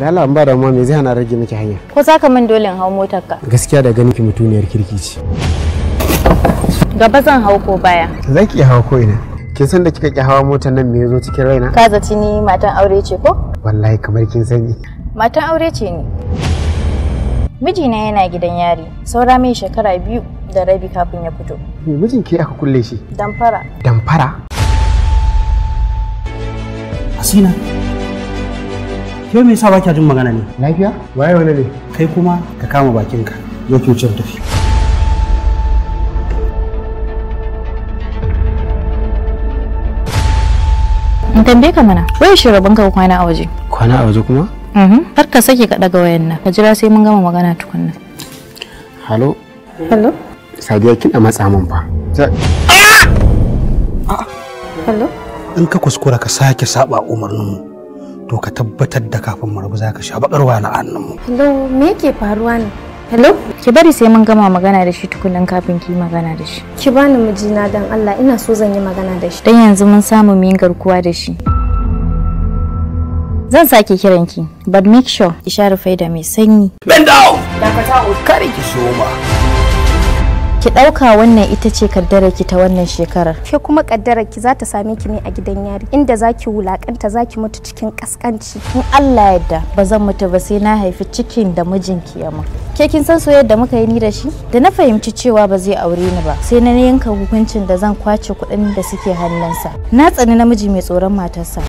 da Allah an ba da me zai hana rage miki hanya ko za ka min dole in hau motar ka gaskiya da ganin ki mutuniyar kirki ce gaba zan hau ko baya za ki hau ko ina kin san da kika ki hawa motar nan me yazo cikin raina ka zaci ni matan aure ce ko wallahi kamar kin sani matan aure ce ni mijina yana gidan yari saura mai shekara biyu da rabi kafin ya fito me mijin ke aka kulle shi damfara damfara asina Ke me yasa baki jin magana ne? Lafiya? Waye wani ne? Kai kuma ka kama bakinka. Ya cuce tafi. In tambaye ka mana, waye shi rabon ka kwana a waje. Kwana a waje kuma? Mhm. Har ka sake ka daga wayan nan. Ka jira sai mun gama magana tukunna. Halo. Halo. Sadiya kina matsa min fa. Ah! Halo. In ka kuskura ka sake saba mu. to ka tabbatar da kafin mu rabu za ka sha bakarwa na annun mu hello me yake faruwa ne hello ki bari sai mun gama magana da shi tukunan kafin ki magana da shi ki bani mijina dan Allah ina so zan yi magana da shi dan yanzu mun samu min garkuwa da shi zan sake kiran ki but make sure ki share faida mai sanyi bend down dakata kare ki soma ki ɗauka wannan ita ce kaddarar ki ta wannan shekarar ke kuma kaddarar ki za ta same ki ne a gidan yari inda za ki wulakanta za ki mutu cikin kaskanci in Allah yadda ba zan mutu ba sai na haifi cikin da mijinki ya ma ke kin san soyayyar da muka yi ni da shi da na fahimci cewa ba zai aure ni ba sai na yanka hukuncin da zan kwace kuɗin da suke hannunsa na tsani namiji mai tsoron matarsa